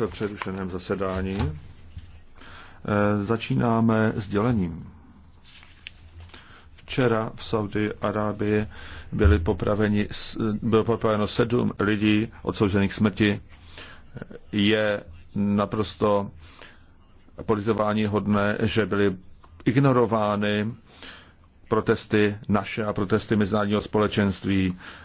v přerušeném zasedání. Eh, začínáme s dělením. Včera v Saudi Arábii byli popraveni, bylo popraveno sedm lidí odsouzených smrti. Je naprosto politování hodné, že byly ignorovány protesty naše a protesty mezinárodního společenství.